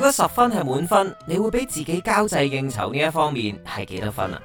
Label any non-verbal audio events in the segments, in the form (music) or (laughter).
如果十分係滿分，你會俾自己交際應酬呢一方面係幾多分啊？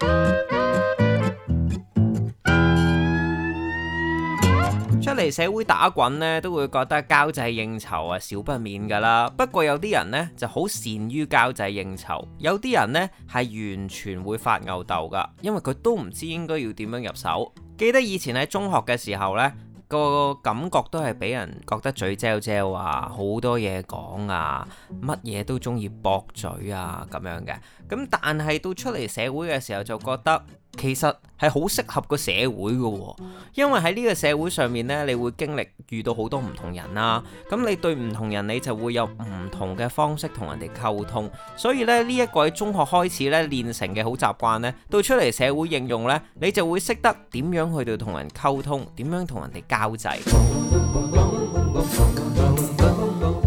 出嚟社會打滾呢，都會覺得交際應酬啊，少不免噶啦。不過有啲人呢就好善於交際應酬，有啲人呢係完全會發吽哣噶，因為佢都唔知應該要點樣入手。記得以前喺中學嘅時候呢。個感覺都係畀人覺得嘴焦焦啊，好多嘢講啊，乜嘢都鍾意駁嘴啊咁樣嘅。咁但係到出嚟社會嘅時候就覺得，其實係好適合個社會嘅喎，因為喺呢個社會上面呢，你會經歷遇到好多唔同人啦。咁你對唔同人，你就會有唔同嘅方式同人哋溝通。所以咧，呢一個喺中學開始呢，練成嘅好習慣呢，到出嚟社會應用呢，你就會識得點樣去到同人溝通，點樣同人哋交際。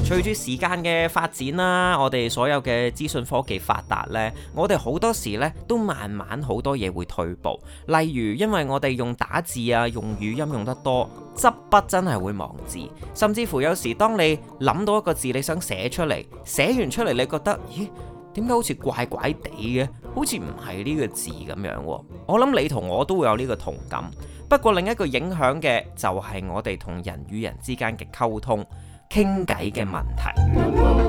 隨住時間嘅發展啦，我哋所有嘅資訊科技發達呢，我哋好多時呢都慢慢好多嘢會退步。例如，因為我哋用打字啊，用語音用得多，執筆真係會忘字。甚至乎有時當你諗到一個字，你想寫出嚟，寫完出嚟，你覺得咦，點解好似怪怪地嘅，好似唔係呢個字咁樣？我諗你同我都會有呢個同感。不過另一個影響嘅就係我哋同人與人之間嘅溝通。傾偈嘅問題。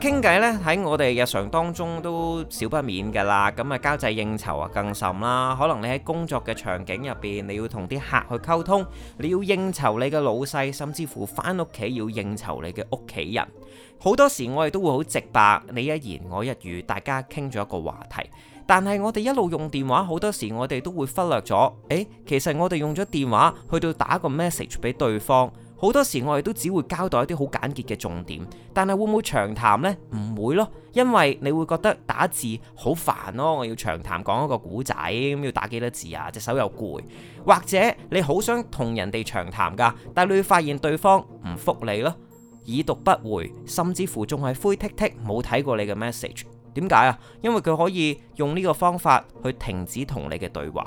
傾偈呢，喺我哋日常當中都少不免噶啦。咁啊，交際應酬啊，更甚啦。可能你喺工作嘅場景入邊，你要同啲客去溝通，你要應酬你嘅老細，甚至乎翻屋企要應酬你嘅屋企人。好多時我哋都會好直白，你一言我一語，大家傾咗一個話題。但係我哋一路用電話，好多時我哋都會忽略咗。誒、欸，其實我哋用咗電話去到打個 message 俾對方。好多時我哋都只會交代一啲好簡潔嘅重點，但係會唔會長談呢？唔會咯，因為你會覺得打字好煩咯。我要長談講一個古仔，咁要打幾多字啊？隻手又攰，或者你好想同人哋長談噶，但係你會發現對方唔覆你咯，已讀不回，甚至乎仲係灰剔剔冇睇過你嘅 message。點解啊？因為佢可以用呢個方法去停止同你嘅對話。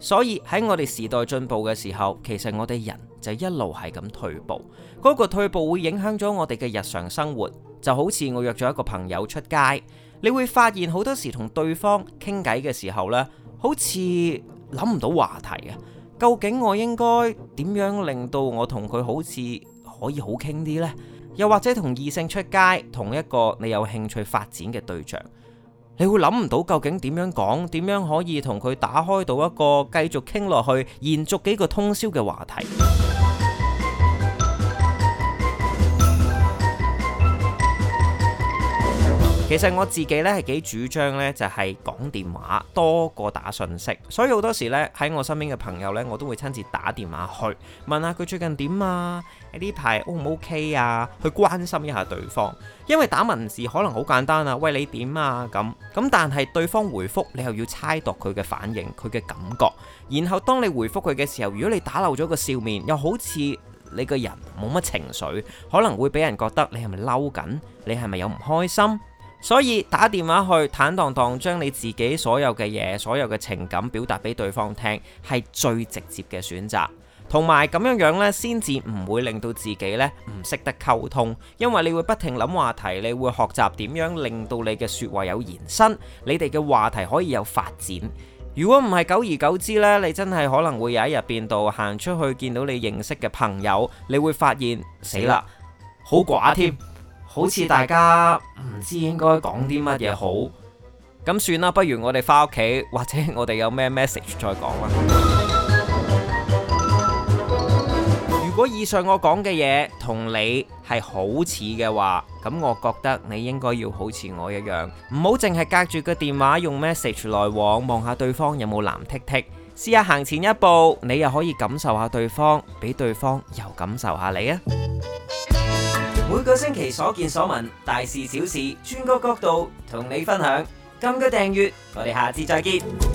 所以喺我哋時代進步嘅時候，其實我哋人就一路係咁退步，嗰個退步會影響咗我哋嘅日常生活。就好似我約咗一個朋友出街，你會發現好多時同對方傾偈嘅時候呢，好似諗唔到話題啊！究竟我應該點樣令到我同佢好似可以好傾啲呢？又或者同異性出街，同一個你有興趣發展嘅對象？你會諗唔到究竟點樣講，點樣可以同佢打開到一個繼續傾落去，延續幾個通宵嘅話題。其實我自己咧係幾主張咧，就係講電話多過打信息，所以好多時咧喺我身邊嘅朋友咧，我都會親自打電話去問下佢最近點啊，呢排 O 唔 OK 啊，去關心一下對方，因為打文字可能好簡單啊，喂，你點啊咁咁，但係對方回覆你又要猜度佢嘅反應，佢嘅感覺，然後當你回覆佢嘅時候，如果你打漏咗個笑面，又好似你個人冇乜情緒，可能會俾人覺得你係咪嬲緊，你係咪有唔開心？所以打電話去坦蕩蕩，將你自己所有嘅嘢、所有嘅情感表達俾對方聽，係最直接嘅選擇。同埋咁樣樣呢，先至唔會令到自己呢唔識得溝通，因為你會不停諗話題，你會學習點樣令到你嘅說話有延伸，你哋嘅話題可以有發展。如果唔係，久而久之呢，你真係可能會有一日變到行出去見到你認識嘅朋友，你會發現死啦了，好寡添。好似大家唔知應該講啲乜嘢好，咁算啦，不如我哋返屋企，或者我哋有咩 message 再講啦。 (music) 如果以上我講嘅嘢同你係好似嘅話，咁我覺得你應該要好似我一樣，唔好淨係隔住個電話用 message 來往，望下對方有冇藍剔剔，試下行前一步，你又可以感受下對方，俾對方又感受下你啊！每個星期所見所聞，大事小事，轉個角度同你分享。撳個訂閱，我哋下次再見。